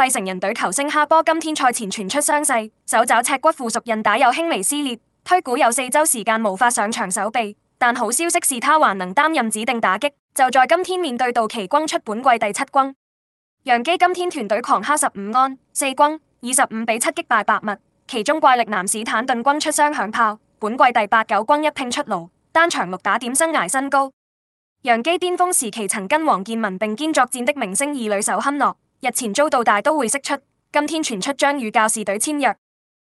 費城人隊球星哈波今天賽前傳出傷勢，手肘尺骨附屬韌帶有輕微撕裂，推估有四周時間無法上場守備。但好消息是他還能擔任指定打擊。就在今天面對道奇轟出本季第七轟，楊基今天團隊狂敲十五安四轟，以十五比七擊敗白襪。其中怪力男史坦頓轟出雙響炮，本季第八九轟一併出爐，單場六打點生涯新高。楊基巔峰時期曾跟王建民並肩作戰的明星二壘手亨諾，日前遭到大都會釋出，今天傳出將與教士隊簽約。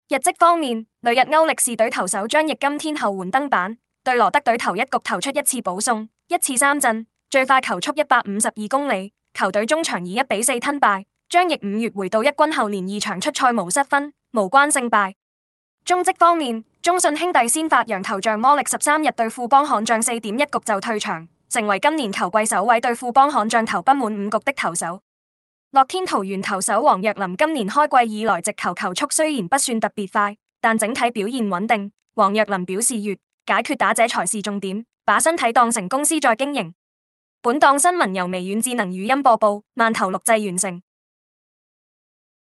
日職方面，旅日歐力士隊投手張奕今天後援登板，對羅德隊頭一局投出一次保送、一次三振，最快球速一百五十二公里。球隊中場以一比四吞敗。張奕五月回到一軍後，連二場出賽無失分，無關勝敗。中職方面，中信兄弟先發揚頭像魔力十三日對富邦悍將四點一局就退場，成為今年球季首位對富邦悍將投不滿五局的投手。樂天桃猿投手王若琳今年開季以來，直球球速雖然不算特別快，但整體表現穩定。王若琳表示越：越解決打者才是重點，把身體當成公司在經營。本檔新聞由微軟智能語音播報，曼頭錄製完成。